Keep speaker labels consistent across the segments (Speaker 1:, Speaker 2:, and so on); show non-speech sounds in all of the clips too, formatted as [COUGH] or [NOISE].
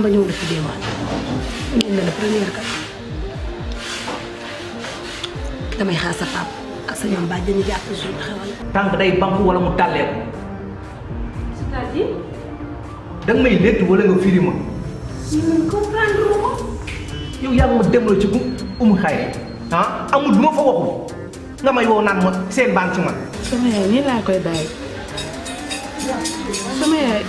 Speaker 1: Samba ñëw na fi deewaat ñëw nga damay xaar sa papa ak sa ñoom
Speaker 2: mu may létt wala nga firi ma. yow yaa ngi ma demloo ci bu umu xayri ah amul lu ma fa nga may wow naan ma seen bànk ci man.
Speaker 3: sama yaay nii laa koy bàyyi sama yaay.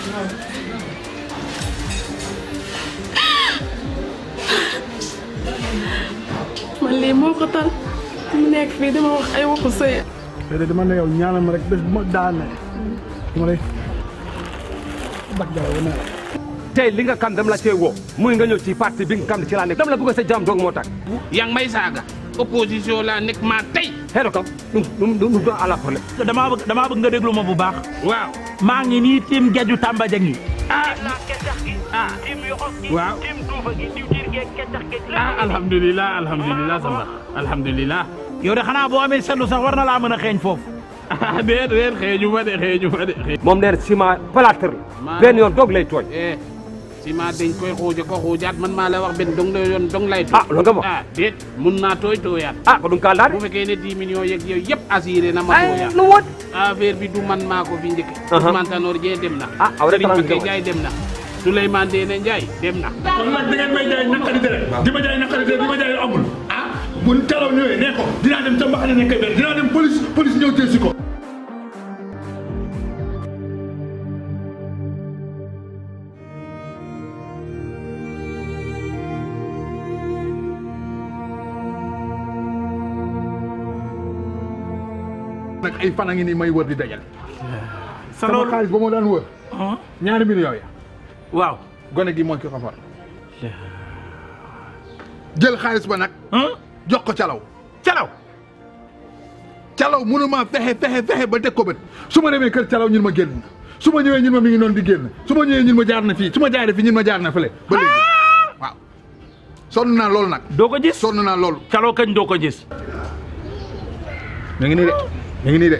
Speaker 3: lii moo ko tal mu nekk fii dama wax ay waxu sëy
Speaker 4: te ma rek bés bu ma daanee. ma lay
Speaker 5: bak jaww tey li nga xam dam la cee woo nga ñëw ci parti bi nga xam ne ci laa nekk dama la bëgg sa jàmm moo tax. yaa ngi may saaga opposition laa nekk maa tey. xëy na kaw nu nu nu doon ala problème. damaa bëgg damaa nga déglu ma bu baax. waaw maa ngi nii tiim geju Tamba Dieng yi. ah tim yoxos gi waaw tim duufa gi diwtiir geeg kecax geeg ah de xanaa boo amee seetlu sax war na laa mën a xeeñ foofu ah, déet déet xeeñu fa de xeeñu fa de moom nee na ciment plâtre la benn yoon doog lay tooñ eh, ciment dañ koy xuuja man maa la wax ben dong lay yoon dong lay tooy ah loolu nga wax ah, mun naa tooy tooyaat a ah, ko dunga kaa laaj bu fekkee ne 10 millions yooyu yëpp na ma tooyaat lu wot affaire bi du man maa ko fi njëkk Ousmane uh-huh. Tanor Dieng dem na a aw rek Serigne Mbacké Ndiaye dem Souleymane Ndéné Ndiaye dem na. kon nag da ngeen may jaay
Speaker 6: dere di ma jaay naqari dere di ma jaay amul ah bu ñu telaw ñëwee nee ko dem ca mbaxane ne Kébémer dinaa dem ay fan a ngi nii may wër di dajal. sa loolu sama xaalis ba ma daan wër. Ah. ñaari millions waaw gone gi mooy ki ko far jël xaalis ba nag jox ko calaw calaw calaw mënuma fexe fexe fexe ba teg ko bët su ma demee kër calaw ñun ma génn su ma ñëwee ñun ma mi ngi noonu di génn su ma ñëwee ñun ma jaar na fii su ma jaaree fii ñun ma jaar na fële ba léegi ah! waaw naa loolu nag doo ko gis sonn naa loolu calaw kañ doo ko gis mi ngi nii de mi ngi nii de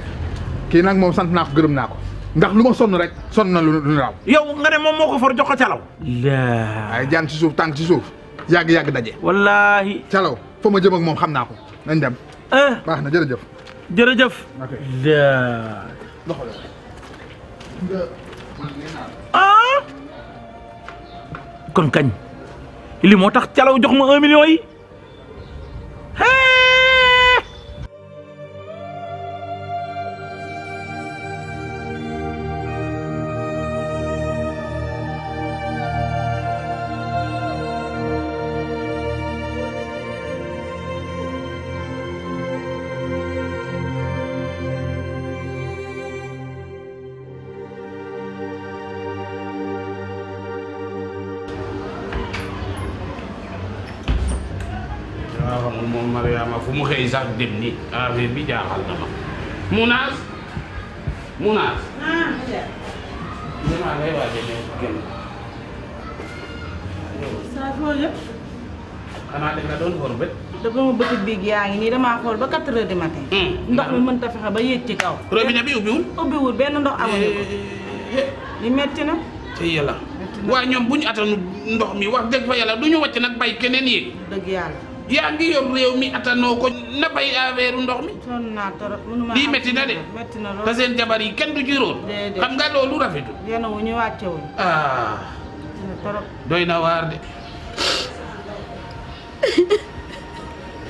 Speaker 6: kii nag moom sant naa ko gërëm naa ko ndax lu ma sonn rek sonn na lu lu raaw. yow nga ne moom moo ko for jox ko calaw. laa ay jaan ci suuf tànk ci suuf yàgg yàgg daje. wallaahi. calaw fa ma jëm ak moom xam naa ko nañ dem. Eh. baax na jërëjëf. jërëjëf. ok laa.
Speaker 3: ah.
Speaker 4: kon kañ. li moo tax calaw jox ma un
Speaker 3: million yi.
Speaker 5: daa xamul moom Mariama fu mu xëy sax dem ni affaire bi jaaxal na ma munaas munaas ah, munaas
Speaker 3: ay
Speaker 1: xanaa da nga doon xool bët dafa ma bëti biig yaa ngi nii damaa xool ba quatre heures du matin hmm. ndox mi mënta fexe ba yéeg ci kaw robinet bi ubbiwul ubbiwul benn ndox amuñu ko eh, li metti na
Speaker 5: te yàlla waaye ñoom bu ñu atanu ndox mi wax dëgg fa yàlla du ñu wàcc nag bay keneen yéeg dëgg yàlla yaa ngi yor réew mi attanoo ko na bay affaire ndox mi.
Speaker 1: sonn naa lii métti na de. métti na lool te
Speaker 5: jabar yi kenn du ci róor. xam nga loolu rafetul.
Speaker 1: yéen a wu ñu wàcce
Speaker 5: wu. Ah. doy na waar de.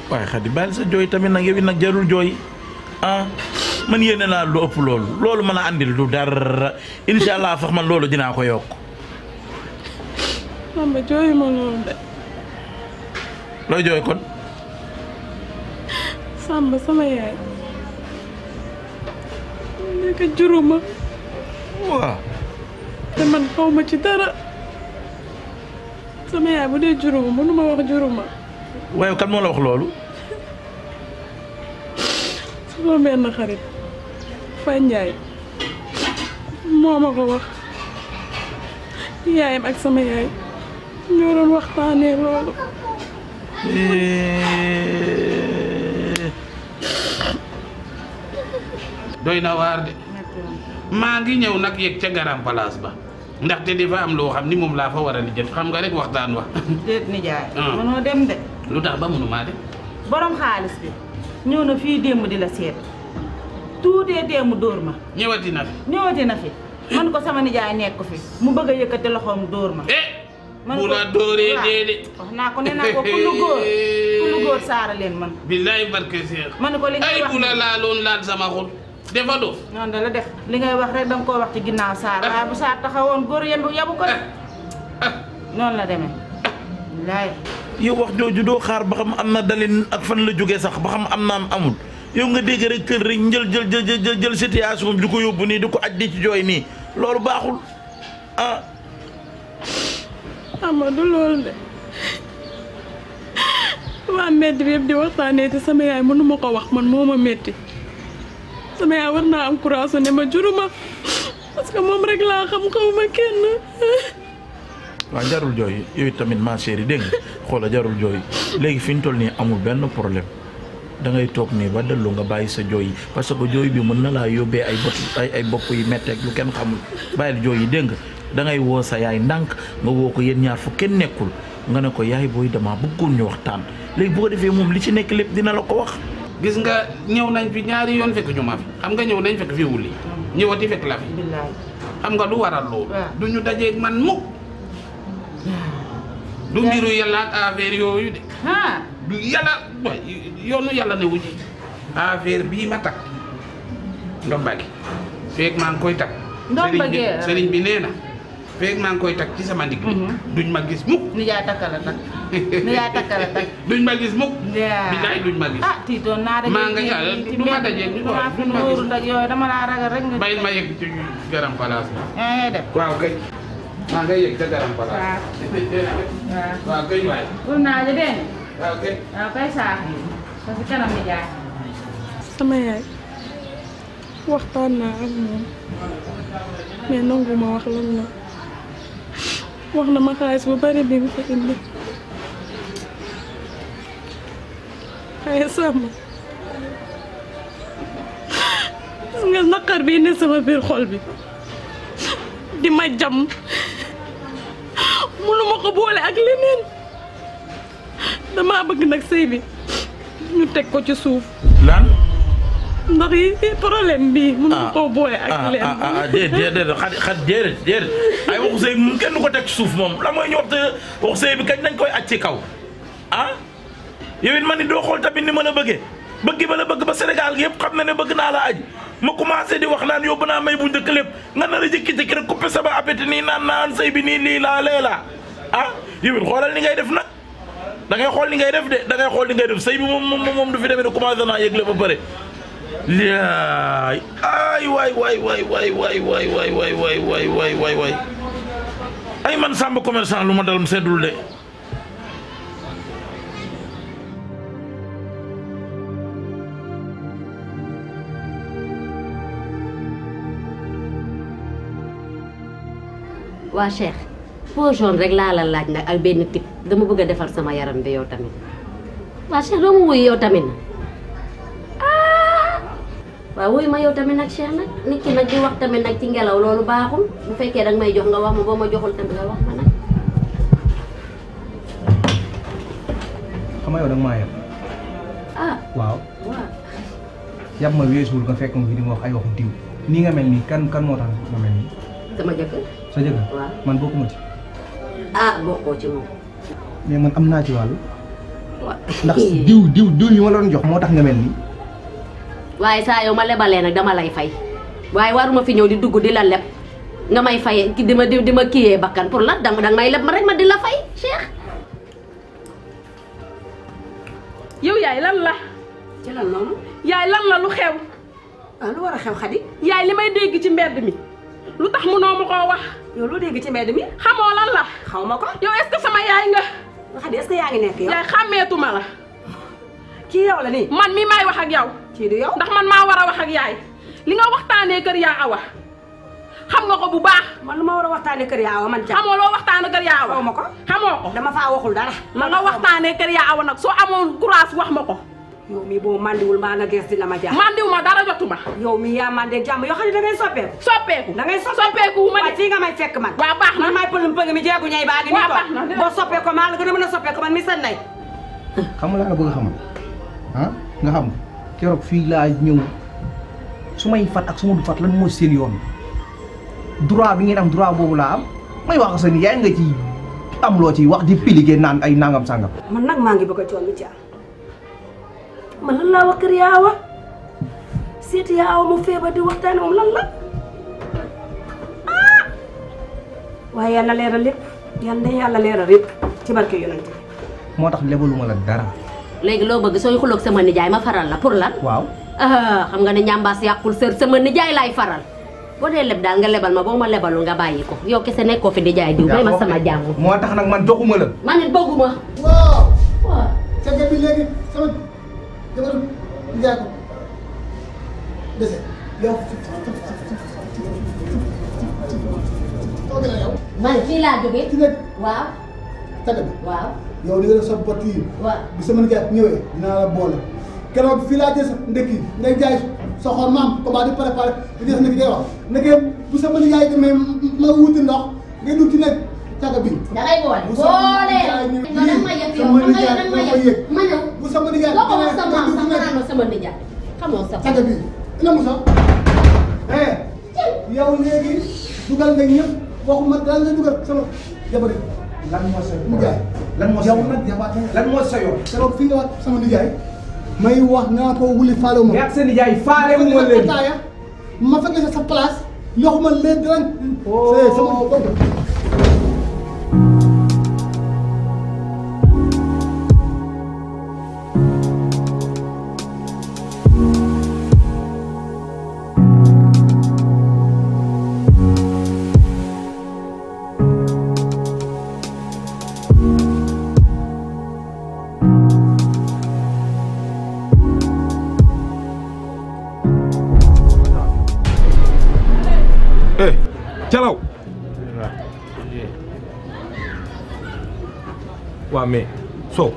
Speaker 4: waaye xadi baal sa jooy tamit na yow it jarul jooy ah man yéene naa lu ëpp loolu loolu mën a andil du dara incha allah sax man loolu dinaa ko yokk.
Speaker 3: mama jooyu ma loolu de. looy jooy kon. Samba sama yaay. nekk juróoma. waaw. te man xaw ma ci dara. sama yaay bu dee juróoma mënuma wax juróoma.
Speaker 4: waaye kan moo la wax loolu.
Speaker 3: sama benn xarit. Faye Ndiaye. moo wax. yaayam ak sama yaay. ñoo doon waxtaanee loolu.
Speaker 5: Eh. doy na waar de maa ngi ñëw nag yegg ca garam place ba ndaxte dafa am loo xam ni moom laa fa war a lijjat xam nga rek waxtaan wa
Speaker 1: déet nijaay ah. mënoo dem de
Speaker 5: lu tax ba mënumaa dem
Speaker 1: borom xaalis bi ñëw na fii démb di la seet tuutee démb dóor ma ñëwati na fi ñëwati na fi man ko sama nijaay nekk fi mu bëgg a yëkkati loxoom dóor ma eh. bu la
Speaker 5: naa ko nee ko ku lu
Speaker 1: góor saara leen man
Speaker 5: billaay barke Seex man ko li ngay
Speaker 1: wax def li ngay wax rek danga koo wax ci ginnaaw saar ah. waaye bu saar taxawoon góor yemb yabu ko def ah. ah. noonu la demee
Speaker 5: billaay yow wax
Speaker 4: jooju doo xaar ba xam am na dalin ak fan la jógee sax ba xam am na am amul yow nga dégg rek kër rek njël jël jël jël situation bi di ko yóbbu nii di ko aj di ci jooy nii loolu baaxul
Speaker 3: Samba du loolu waa metti bi yëpp di waxtaanee te sama yaay mënuma ko wax man moo ma metti sama yaay war naa am courage ne ma juruma parce que moom rek laa xam xawma kenn
Speaker 4: waaw jarul jooy yooyu tamit ma chérie dégg nga xoola jarul jooy léegi fi ñu toll nii amul benn problème dangay toog nii ba dellu nga bàyyi sa jooy yi parce que jooy bi mën na laa yóbbee ay ay ay bopp yu metteeg lu kenn xamul bàyyil jooy yi dégg nga dangay ngay woo sa yaay ndànk nga woo ko yéen ñaar fu kenn nekkul nga ne ko yaay booy dama bëggoon ñu
Speaker 5: waxtaan léegi bu ko defee moom li ci nekk lépp dina la ko wax. gis nga ñëw nañ fi ñaari yoon fekk ñu ma fi xam nga ñëw nañ fekk fi wuli ñëwati fekk la fi nga lu waral loolu. du ñu dajeeg man mukk du mbiru yàlla ak yooyu de. Ah. du yàlla yoonu yàlla ne wu ci bii ma takk ndomba gi feeg maa ngi koy takk. sëriñ bi nee na. feeg maa ngi koy takk ci sama ndigg mhm. duñ ma gis mukk
Speaker 1: ni yaa takkala takk
Speaker 5: takk [LAUGHS] duñ ma gis mukk bilaay duñ ma gis
Speaker 1: ah tiitoon naa rek ma gis yooyu
Speaker 5: ma nga yegg ca
Speaker 1: garam
Speaker 3: palaas waxtaan naa ak moom mais nangu wax lan wax na ma xaalis bu bari bi mu fa indi waaye sàmm gis nga naqar bi ne sama biir xol bi di ma jam mënuma ko boole ak leneen dama bëgg nag sëy bi ñu teg ko ci suuf ndax yi problème bi mun nga ah. koo boole ak
Speaker 4: ko teg ci suuf moom la mooy ñu waxte waxu sëy nañ koy ci kaw ah yow ma doo xool tamit ni ma la bëggee bëgg ba la bëgg ba Sénégal yëpp xam na ne bëgg naa la aj ma commencé di wax naan yóbbu naa may bu njëkk lépp nga nar a jëkki-jëkki rek coupé sama appétit nii naan naan sëy bi nii lii ah? ngay def nag da ngay xool li ngay def de da xool li ngay def sëy bi moom moom moom du fi demee ne commencé naa yëgle ba pare laay ay waay waay waay waay waay ay man Samba commerçant lu ma dal mu seddul de
Speaker 1: waa Cheikh peau jaune rek laa la laaj nag ak benn tip dama bëgg a defar sama yaram bi yow tamit waa Cheikh doo ma wuy yow tamit waaw wuyu ma yow tamit nag Cheikh nag nit ki nag di wax tamit nag ci ngelaw loolu baaxul bu fekkee danga may jox ah. nga wax ma boo ma joxul tamit nga wax ma nag. waaw waaw.
Speaker 2: yab ma weesuwul nga fekk ma fi di wax ay waxu nga mel nii kan kan moo tax nga sama jëkkër. sa jëkkër waaw man bokkuma ci.
Speaker 1: ah bokkoo ci moom.
Speaker 2: mais man am naa ci wàll. ndax diw diw diw yi ma la jox moo tax nga mel nii.
Speaker 1: waaye saa yow ma lebalee nag dama lay fay waaye waruma fi ñëw di dugg di la leb nga may fayee di ma di ma kiyee bakkan pour la dama danga may leb ma rek ma di la fay Cheikh. yow yaay lan la. ci lan loolu. yaay lan la lu xew. ah lu war a xew xadi. yaay li may dégg ci mbedd mi. lu tax mënoo ma koo wax. yow loo dégg ci mbedd mi. xamoo lan la. xaw ma ko. yow est sama yaay nga. yaay xàmmeetu la. kii yow la nii. man mi may wax ak yow. kii du yow. ndax man maa war a wax yaay li nga waxtaanee kër yaa awa xam nga ko bu baax. man lu ma war a waxtaanee kër yaa awa man jàpp. xamoo loo waxtaanee kër yaa awa. xamoo ko xamoo ko dama faa waxul dara. la nga waxtaanee kër yaa awa nag soo amoon courage wax ma ko. yow mii boo mandiwul ma nga gees di la ma jàpp. mandiw ma dara jotu ma. yow mii yaa mandee jàmm yoo xam ne da ngay soppeeku. soppeeku soppeeku ma de. fii nga may fekk man. waaw baax na man maay pëlum pëng mi jeegu boo soppeeku maa la gën a mën a mi sa nay.
Speaker 2: xam a keroog fii laa ñëw su may fat ak su du fat lan mooy seen yoon droit bi ngeen am droit boobu laa am may wax ak sa yaay nga ci am loo ci wax di pilige naan ay nangam sangam.
Speaker 1: man nag maa ngi bëgg a coono ci am man lan laa wax kër yaawa seeti yaawa mu feebar di waxtaan moom lan la ah waaye yàlla leeral lépp yàlla na yàlla leeral lépp ci barke yonent
Speaker 2: moo tax lebaluma
Speaker 1: la dara. léegi loo bëgg sooy xuloog sama nijaay ma faral la pour lan. waaw xam nga ne ñambaas yàqul sër sama nijaay laay faral. boo dee leb daal nga lebal ma boo ma lebalul nga bàyyi ko yow kese nekkoo fi di jaay diw may ma sama
Speaker 2: moo tax nag man doxuma la.
Speaker 1: man it bi
Speaker 2: waaw. yow li nga def sa bott yi. waaw bu sama nijaay ñëwee dinaa la boole. a fii laa jël sa ndekki ngay jaay sa xol maam comment di préparé di def ndekki day bu sama nijaay demee ma wuti ndox nga dugg ci bi. da ngay bu sama nijaay boo ko wax sa maam sax sama nijaay xamoo sa bi ina mu sax eh yow léegi dugal nga ñëpp waxuma dal sama jabar lan moo sa yoon nijaay lan moo sa yoon yow nag
Speaker 6: jabaate lan moo sa yoon
Speaker 2: keroog fi nga wax sama nijaay may wax naa ko wuli faale wu ma. yaa sa nijaay faale wu ma leen ma fekk sa place yoxuma leen dinañ. sama bopp.
Speaker 6: eh calaw waaw mais Sow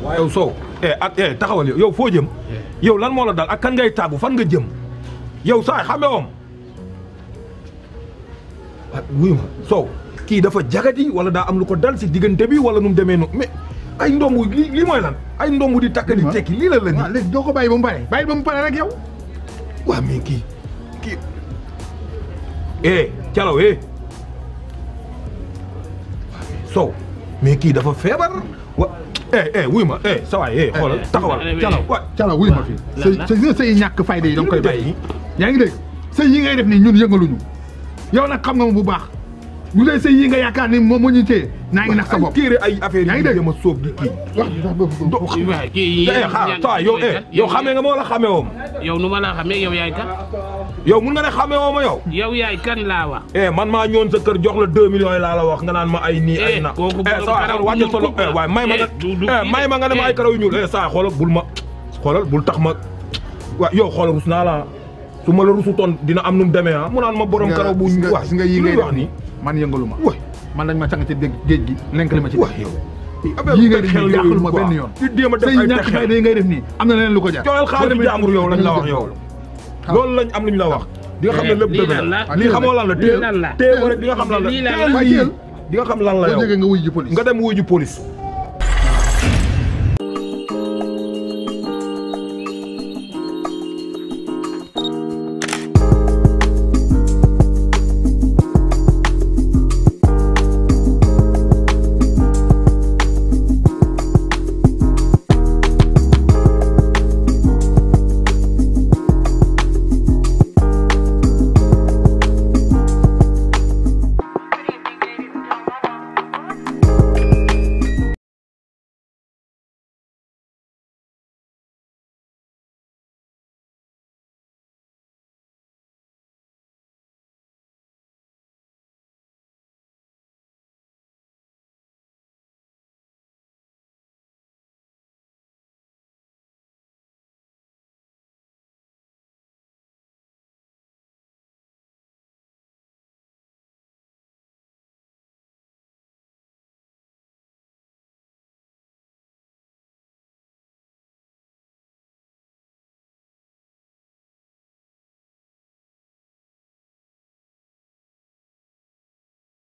Speaker 6: waaw yow Sow eh ak eh taxawal yow foo jëm yow lan moo la dal ak kan ngay taabu fan nga jëm yow saay xame woom wuyu ma Sow kii dafa jagadi wala daa am lu ko dal si diggante bi wala nu mu demee nu mais ay ndombu li lii ay ndombu di takk di tekki lii la la. waaw doo ko bàyyi ba mu pare bàyyi ba mu pare rek yow. waa mais kii kii. eh Calaw eh. Sow mais kii dafa feebar wa. eh eh ma eh sa waay eh, eh xoolal eh, taxawal Calaw eh, ma fii. lan la sa sa ñàkk fayda nga koy bàyyi. yaa ngi dégg sa yi ngay def nii ñun yëngaluñu yow nag xam nga mu bu baax. bu dee sëy yi nga yaakaar ni moom moo ñu téye naa ngi nax sa bopp ay affaire yi dégg ma sóob di kii wax ji sax boobu kii yow eh, yow xamee nga moo la xamee woom
Speaker 5: yow nu ma la xamee yow yaay kan
Speaker 6: yow mun nga ne xamee woo ma
Speaker 5: yow yow yaay kan laa wax
Speaker 6: eh, man maa ñoon sa kër jox la deux millions laa la wax nga naan ma ay nii ay eh, na wàcce sa loxo waaye may ma nga may ma nga ne ma ay karaw yu ñuul saa xoolal bul ma xoolal bul tax ma waaw yow xoolal rus naa la su ma la rusu toon dina am nu mu demee ah mu naan ma borom karaw bu ñu wax ni man yëngalu ma. man dañ ma càngati dégg géej gi lenk li ma ci di déem a yi ay pexe say ngay def am na leneen lu ko jaar. joxal xaalis bi jàmbur yow lañ la wax yow. loolu lañ am luñ la wax. di nga xam ne lépp dëgg la lii xamoo lan la téye téye wala di nga xam lan la téye lii di nga xam lan la yow nga dem wuy ji police